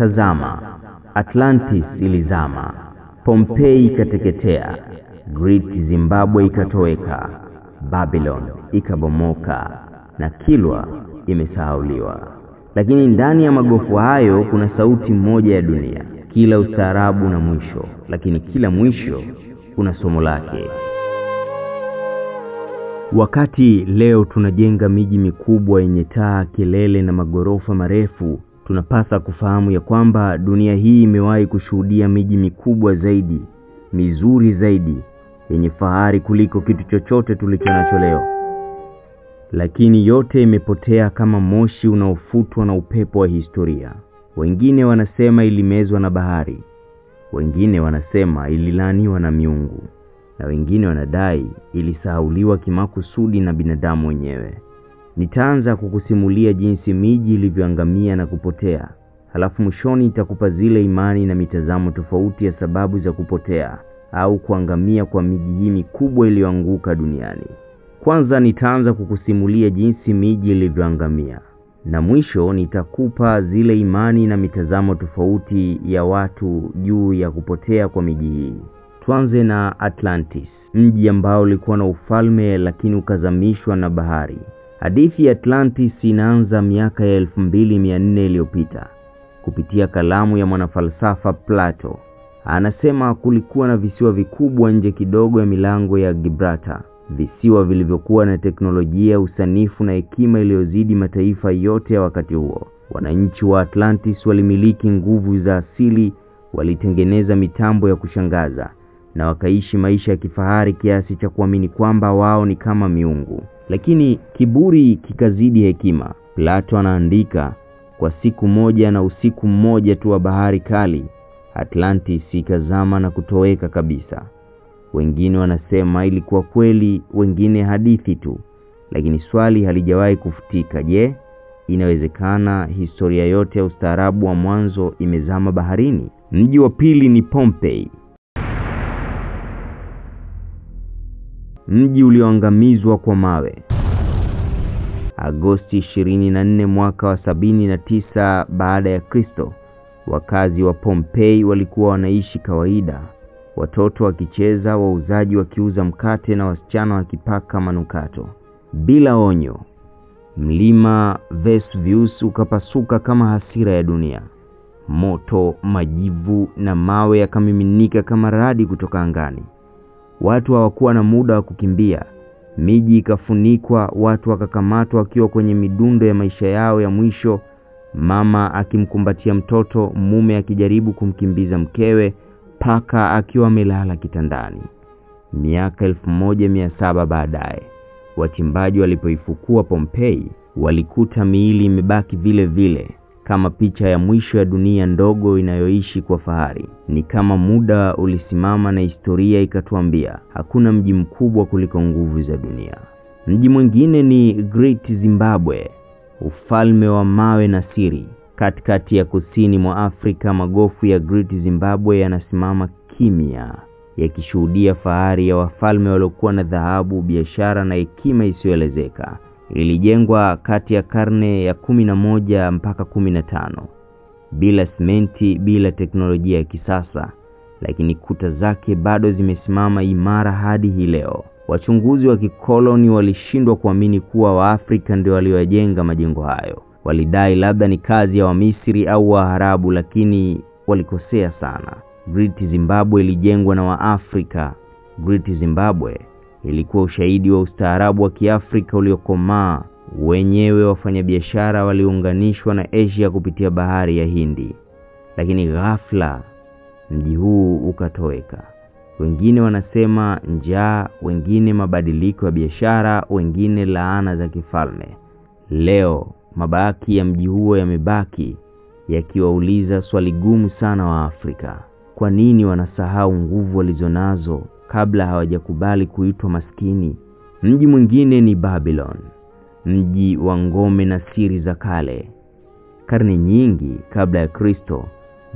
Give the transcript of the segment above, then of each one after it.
Tazama, Atlantis ilizama, pompei ikateketea, Great Zimbabwe ikatoweka, Babylon ikabomoka na Kilwa imesahauliwa. Lakini ndani ya magofu hayo kuna sauti moja ya dunia. Kila ustaarabu na mwisho, lakini kila mwisho kuna somo lake. Wakati leo tunajenga miji mikubwa yenye taa, kelele na magorofa marefu Tunapasa kufahamu ya kwamba dunia hii imewahi kushuhudia miji mikubwa zaidi, mizuri zaidi, yenye fahari kuliko kitu chochote nacho leo, lakini yote imepotea kama moshi unaofutwa na upepo wa historia. Wengine wanasema ilimezwa na bahari, wengine wanasema ililaaniwa na miungu, na wengine wanadai ilisahauliwa kimakusudi na binadamu wenyewe. Nitaanza kukusimulia jinsi miji ilivyoangamia na kupotea, halafu mwishoni nitakupa zile imani na mitazamo tofauti ya sababu za kupotea au kuangamia kwa miji hii mikubwa iliyoanguka duniani. Kwanza nitaanza kukusimulia jinsi miji ilivyoangamia na mwisho nitakupa zile imani na mitazamo tofauti ya watu juu ya kupotea kwa miji hii. Tuanze na Atlantis, mji ambao ulikuwa na ufalme lakini ukazamishwa na bahari. Hadithi ya Atlantis inaanza miaka ya 2400 iliyopita kupitia kalamu ya mwanafalsafa Plato. Anasema kulikuwa na visiwa vikubwa nje kidogo ya milango ya Gibraltar, visiwa vilivyokuwa na teknolojia, usanifu na hekima iliyozidi mataifa yote ya wakati huo. Wananchi wa Atlantis walimiliki nguvu za asili, walitengeneza mitambo ya kushangaza na wakaishi maisha ya kifahari kiasi cha kuamini kwamba wao ni kama miungu. Lakini kiburi kikazidi hekima. Plato anaandika, kwa siku moja na usiku mmoja tu wa bahari kali, Atlantis ikazama na kutoweka kabisa. Wengine wanasema ilikuwa kweli, wengine hadithi tu, lakini swali halijawahi kufutika. Je, inawezekana historia yote ya ustaarabu wa mwanzo imezama baharini? Mji wa pili ni Pompeii. mji ulioangamizwa kwa mawe. Agosti 24 mwaka wa 79 baada ya Kristo, wakazi wa pompei walikuwa wanaishi kawaida, watoto wakicheza, wauzaji wakiuza mkate na wasichana wakipaka manukato. Bila onyo, mlima Vesuvius ukapasuka kama hasira ya dunia. Moto, majivu na mawe yakamiminika kama radi kutoka angani. Watu hawakuwa na muda wa kukimbia. Miji ikafunikwa, watu wakakamatwa wakiwa kwenye midundo ya maisha yao ya mwisho, mama akimkumbatia mtoto, mume akijaribu kumkimbiza mkewe, paka akiwa amelala kitandani. Miaka elfu moja mia saba baadaye wachimbaji walipoifukua Pompeii walikuta miili imebaki vile vile kama picha ya mwisho ya dunia ndogo inayoishi kwa fahari. Ni kama muda ulisimama na historia ikatuambia hakuna mji mkubwa kuliko nguvu za dunia. Mji mwingine ni Great Zimbabwe, ufalme wa mawe na siri. Katikati ya kusini mwa Afrika, magofu ya Great Zimbabwe yanasimama kimya, yakishuhudia fahari ya wafalme waliokuwa na dhahabu, biashara na hekima isiyoelezeka lilijengwa kati ya karne ya kumi na moja mpaka kumi na tano bila simenti, bila teknolojia ya kisasa, lakini kuta zake bado zimesimama imara hadi hii leo. Wachunguzi wa kikoloni walishindwa kuamini kuwa Waafrika ndio waliojenga majengo hayo. Walidai labda ni kazi ya Wamisri au Waarabu, lakini walikosea sana. Great Zimbabwe ilijengwa na Waafrika. Great Zimbabwe ilikuwa ushahidi wa ustaarabu wa Kiafrika uliokomaa. Wenyewe wafanyabiashara waliunganishwa na Asia kupitia bahari ya Hindi, lakini ghafla mji huu ukatoweka. Wengine wanasema njaa, wengine mabadiliko ya biashara, wengine laana za kifalme. Leo mabaki ya mji huo yamebaki yakiwauliza swali gumu sana wa Afrika: kwa nini wanasahau nguvu walizonazo? kabla hawajakubali kuitwa maskini. Mji mwingine ni Babylon, mji wa ngome na siri za kale. Karne nyingi kabla ya Kristo,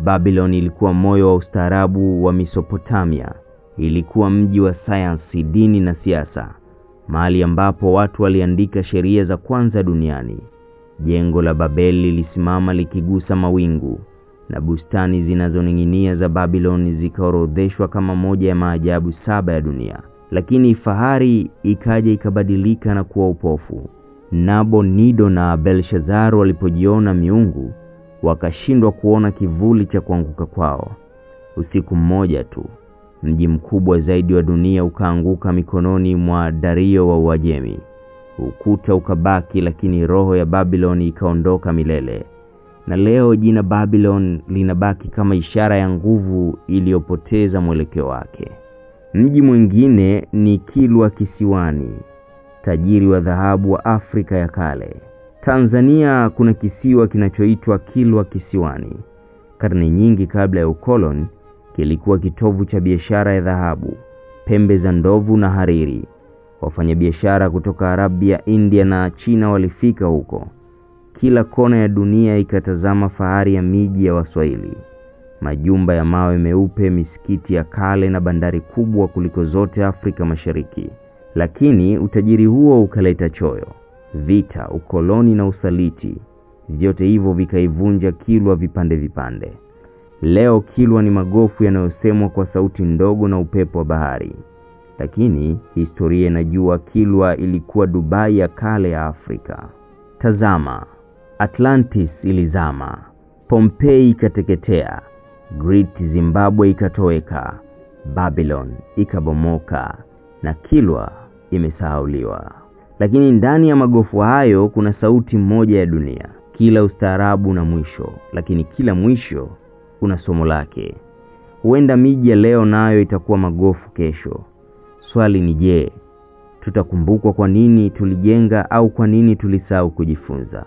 Babylon ilikuwa moyo wa ustaarabu wa Mesopotamia. Ilikuwa mji wa sayansi, dini na siasa, mahali ambapo watu waliandika sheria za kwanza duniani. Jengo la Babeli lilisimama likigusa mawingu na bustani zinazoning'inia za Babylon zikaorodheshwa kama moja ya maajabu saba ya dunia, lakini fahari ikaja ikabadilika na kuwa upofu. Nabo, Nido na Belshazaru walipojiona miungu wakashindwa kuona kivuli cha kuanguka kwao. Usiku mmoja tu mji mkubwa zaidi wa dunia ukaanguka mikononi mwa Dario wa Uajemi. Ukuta ukabaki, lakini roho ya Babiloni ikaondoka milele na leo jina Babylon linabaki kama ishara ya nguvu iliyopoteza mwelekeo wake. Mji mwingine ni Kilwa Kisiwani, tajiri wa dhahabu wa Afrika ya kale. Tanzania kuna kisiwa kinachoitwa Kilwa Kisiwani. Karne nyingi kabla ya ukoloni, kilikuwa kitovu cha biashara ya dhahabu, pembe za ndovu na hariri. Wafanyabiashara kutoka Arabia, India na China walifika huko. Kila kona ya dunia ikatazama fahari ya miji ya Waswahili, majumba ya mawe meupe, misikiti ya kale na bandari kubwa kuliko zote Afrika Mashariki. Lakini utajiri huo ukaleta choyo, vita, ukoloni na usaliti. Vyote hivyo vikaivunja Kilwa vipande vipande. Leo Kilwa ni magofu yanayosemwa kwa sauti ndogo na upepo wa bahari, lakini historia inajua Kilwa ilikuwa Dubai ya kale ya Afrika. Tazama Atlantis ilizama, Pompeii ikateketea, Great Zimbabwe ikatoweka, Babylon ikabomoka na Kilwa imesahauliwa. Lakini ndani ya magofu hayo kuna sauti moja ya dunia. Kila ustaarabu na mwisho, lakini kila mwisho kuna somo lake. Huenda miji ya leo nayo itakuwa magofu kesho. Swali ni je, tutakumbukwa kwa nini tulijenga au kwa nini tulisahau kujifunza?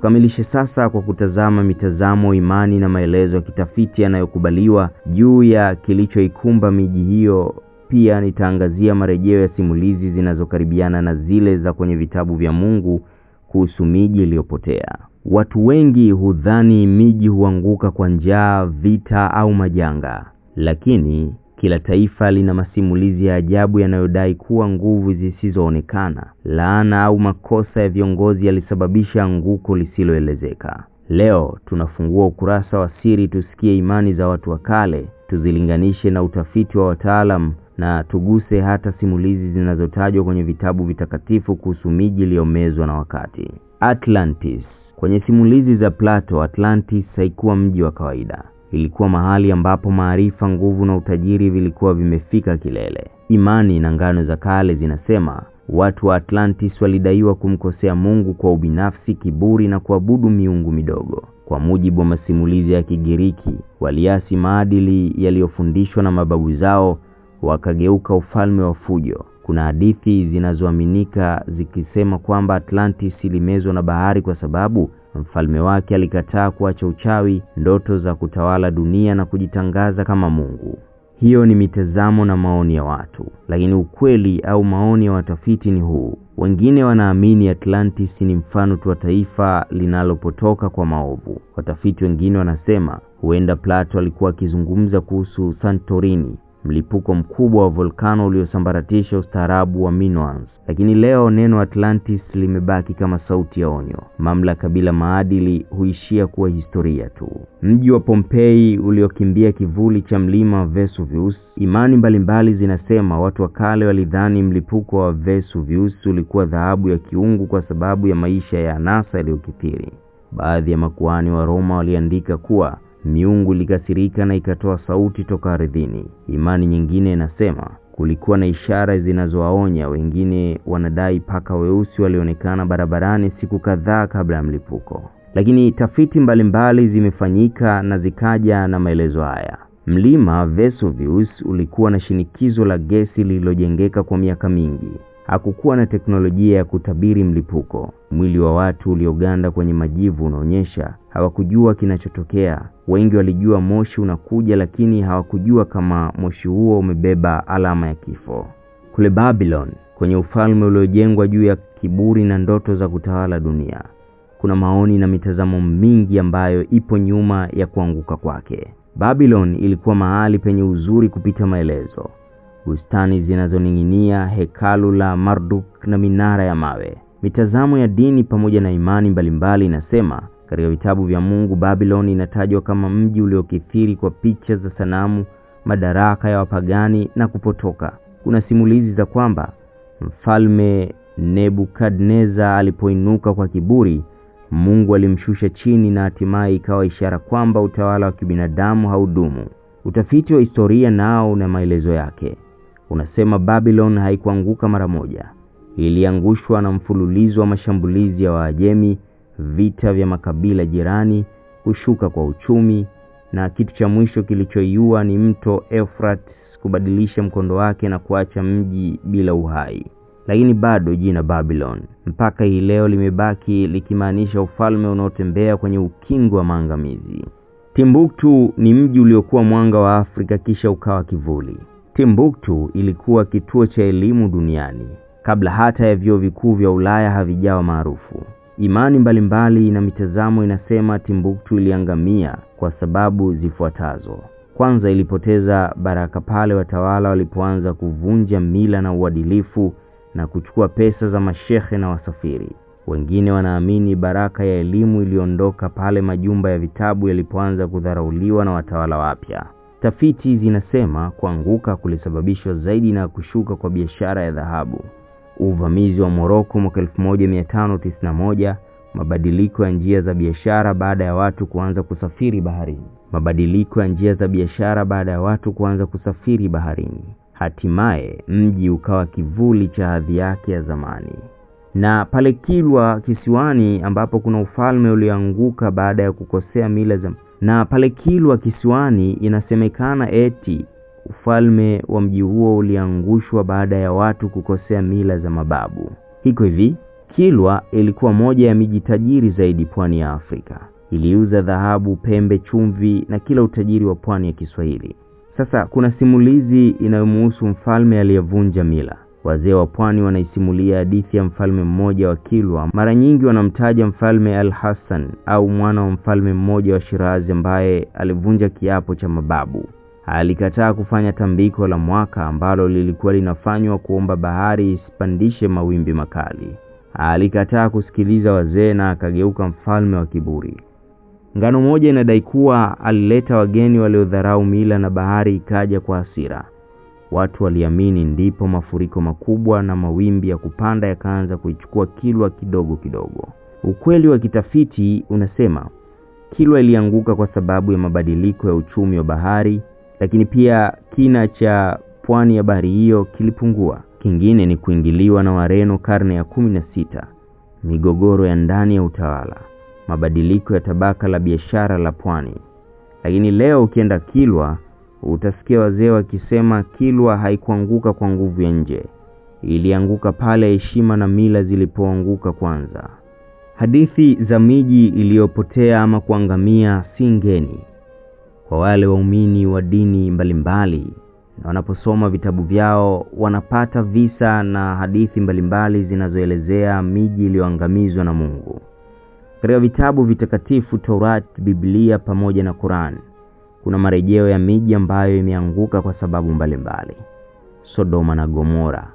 Tukamilishe sasa kwa kutazama mitazamo, imani na maelezo ya kitafiti yanayokubaliwa juu ya kilichoikumba miji hiyo. Pia nitaangazia marejeo ya simulizi zinazokaribiana na zile za kwenye vitabu vya Mungu kuhusu miji iliyopotea. Watu wengi hudhani miji huanguka kwa njaa, vita au majanga, lakini kila taifa lina masimulizi ya ajabu yanayodai kuwa nguvu zisizoonekana, laana au makosa ya viongozi yalisababisha anguko lisiloelezeka. Leo tunafungua ukurasa wa siri, tusikie imani za watu wa kale, tuzilinganishe na utafiti wa wataalam na tuguse hata simulizi zinazotajwa kwenye vitabu vitakatifu kuhusu miji iliyomezwa na wakati. Atlantis. Kwenye simulizi za Plato, Atlantis haikuwa mji wa kawaida ilikuwa mahali ambapo maarifa, nguvu na utajiri vilikuwa vimefika kilele. Imani na ngano za kale zinasema watu wa Atlantis walidaiwa kumkosea Mungu kwa ubinafsi, kiburi na kuabudu miungu midogo. Kwa mujibu wa masimulizi ya Kigiriki, waliasi maadili yaliyofundishwa na mababu zao, wakageuka ufalme wa fujo. Kuna hadithi zinazoaminika zikisema kwamba Atlantis ilimezwa na bahari kwa sababu Mfalme wake alikataa kuacha uchawi, ndoto za kutawala dunia na kujitangaza kama Mungu. Hiyo ni mitazamo na maoni ya watu, lakini ukweli au maoni ya watafiti ni huu. Wengine wanaamini Atlantis ni mfano tu wa taifa linalopotoka kwa maovu. Watafiti wengine wanasema huenda Plato alikuwa akizungumza kuhusu Santorini, mlipuko mkubwa wa volkano uliosambaratisha ustaarabu wa Minoans. Lakini leo neno Atlantis limebaki kama sauti ya onyo. Mamlaka bila maadili huishia kuwa historia tu. Mji wa Pompeii uliokimbia kivuli cha mlima Vesuvius. Imani mbalimbali zinasema watu wa kale walidhani mlipuko wa Vesuvius ulikuwa dhahabu ya kiungu kwa sababu ya maisha ya anasa yaliyokithiri. Baadhi ya makuhani wa Roma waliandika kuwa Miungu ilikasirika na ikatoa sauti toka ardhini. Imani nyingine inasema kulikuwa na ishara zinazowaonya. Wengine wanadai paka weusi walionekana barabarani siku kadhaa kabla ya mlipuko. Lakini tafiti mbalimbali zimefanyika na zikaja na maelezo haya. Mlima Vesuvius ulikuwa na shinikizo la gesi lililojengeka kwa miaka mingi. Hakukuwa na teknolojia ya kutabiri mlipuko. Mwili wa watu ulioganda kwenye majivu unaonyesha hawakujua kinachotokea. Wengi walijua moshi unakuja, lakini hawakujua kama moshi huo umebeba alama ya kifo. Kule Babylon, kwenye ufalme uliojengwa juu ya kiburi na ndoto za kutawala dunia, kuna maoni na mitazamo mingi ambayo ipo nyuma ya kuanguka kwake. Babylon ilikuwa mahali penye uzuri kupita maelezo bustani zinazoning'inia, hekalu la Marduk na minara ya mawe. Mitazamo ya dini pamoja na imani mbalimbali inasema katika vitabu vya Mungu, Babiloni inatajwa kama mji uliokithiri kwa picha za sanamu, madaraka ya wapagani na kupotoka. Kuna simulizi za kwamba mfalme Nebukadneza alipoinuka kwa kiburi, Mungu alimshusha chini na hatimaye ikawa ishara kwamba utawala wa kibinadamu haudumu. Utafiti wa historia nao na maelezo yake unasema Babylon haikuanguka mara moja, iliangushwa na mfululizo wa mashambulizi ya Waajemi, vita vya makabila jirani, kushuka kwa uchumi, na kitu cha mwisho kilichoiua ni mto Euphrates kubadilisha mkondo wake na kuacha mji bila uhai. Lakini bado jina Babylon mpaka hii leo limebaki likimaanisha ufalme unaotembea kwenye ukingo wa maangamizi. Timbuktu ni mji uliokuwa mwanga wa Afrika kisha ukawa kivuli. Timbuktu ilikuwa kituo cha elimu duniani kabla hata ya vyuo vikuu vya Ulaya havijawa maarufu. Imani mbalimbali na mitazamo inasema Timbuktu iliangamia kwa sababu zifuatazo. Kwanza, ilipoteza baraka pale watawala walipoanza kuvunja mila na uadilifu na kuchukua pesa za mashehe na wasafiri. Wengine wanaamini baraka ya elimu iliondoka pale majumba ya vitabu yalipoanza kudharauliwa na watawala wapya. Tafiti zinasema kuanguka kulisababishwa zaidi na kushuka kwa biashara ya dhahabu, uvamizi wa Moroko mwaka 1591, mabadiliko ya njia za biashara baada ya watu kuanza kusafiri baharini. Mabadiliko ya njia za biashara baada ya watu kuanza kusafiri baharini. Hatimaye mji ukawa kivuli cha hadhi yake ya zamani. Na pale Kilwa kisiwani ambapo kuna ufalme ulioanguka baada ya kukosea mila za na pale Kilwa Kisiwani inasemekana eti ufalme wa mji huo uliangushwa baada ya watu kukosea mila za mababu. Hiko hivi, Kilwa ilikuwa moja ya miji tajiri zaidi pwani ya Afrika. Iliuza dhahabu, pembe, chumvi na kila utajiri wa pwani ya Kiswahili. Sasa kuna simulizi inayomuhusu mfalme aliyevunja mila. Wazee wa pwani wanaisimulia hadithi ya mfalme mmoja wa Kilwa. Mara nyingi wanamtaja mfalme Al Hassan au mwana wa mfalme mmoja wa Shirazi ambaye alivunja kiapo cha mababu. Alikataa kufanya tambiko la mwaka ambalo lilikuwa linafanywa kuomba bahari isipandishe mawimbi makali. Alikataa kusikiliza wazee na akageuka mfalme wa kiburi. Ngano moja inadai kuwa alileta wageni waliodharau mila na bahari ikaja kwa hasira. Watu waliamini, ndipo mafuriko makubwa na mawimbi ya kupanda yakaanza kuichukua Kilwa kidogo kidogo. Ukweli wa kitafiti unasema Kilwa ilianguka kwa sababu ya mabadiliko ya uchumi wa bahari, lakini pia kina cha pwani ya bahari hiyo kilipungua. Kingine ni kuingiliwa na Wareno karne ya kumi na sita, migogoro ya ndani ya utawala, mabadiliko ya tabaka la biashara la pwani. Lakini leo ukienda Kilwa Utasikia wazee wakisema Kilwa haikuanguka kwa nguvu ya nje, ilianguka pale heshima na mila zilipoanguka kwanza. Hadithi za miji iliyopotea ama kuangamia si ngeni kwa wale waumini wa dini mbalimbali na wanaposoma vitabu vyao wanapata visa na hadithi mbalimbali zinazoelezea miji iliyoangamizwa na Mungu. Katika vitabu vitakatifu taurat Biblia pamoja na qurani kuna marejeo ya miji ambayo imeanguka kwa sababu mbalimbali mbali. Sodoma na Gomora.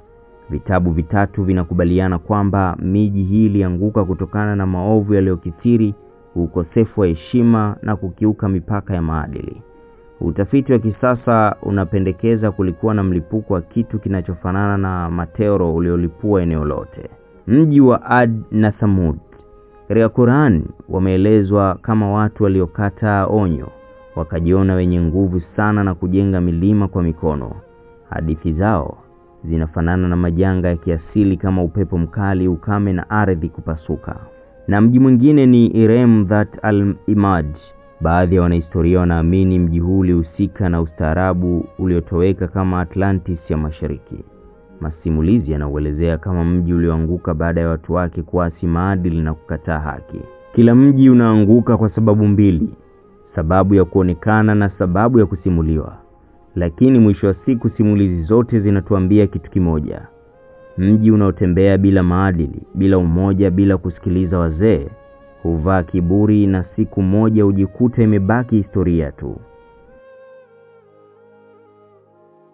Vitabu vitatu vinakubaliana kwamba miji hii ilianguka kutokana na maovu yaliyokithiri, ukosefu wa heshima na kukiuka mipaka ya maadili. Utafiti wa kisasa unapendekeza kulikuwa na mlipuko wa kitu kinachofanana na matero uliolipua eneo lote. Mji wa Ad na Samud katika Qur'an wameelezwa kama watu waliokata onyo wakajiona wenye nguvu sana na kujenga milima kwa mikono. Hadithi zao zinafanana na majanga ya kiasili kama upepo mkali, ukame na ardhi kupasuka. Na mji mwingine ni Irem Dhat al-Imad. Baadhi ya wanahistoria wanaamini mji huu ulihusika na ustaarabu uliotoweka kama Atlantis ya Mashariki. Masimulizi yanauelezea kama mji ulioanguka baada ya watu wake kuasi maadili na kukataa haki. Kila mji unaanguka kwa sababu mbili: sababu ya kuonekana na sababu ya kusimuliwa. Lakini mwisho wa siku simulizi zote zinatuambia kitu kimoja: mji unaotembea bila maadili, bila umoja, bila kusikiliza wazee huvaa kiburi, na siku moja hujikuta imebaki historia tu.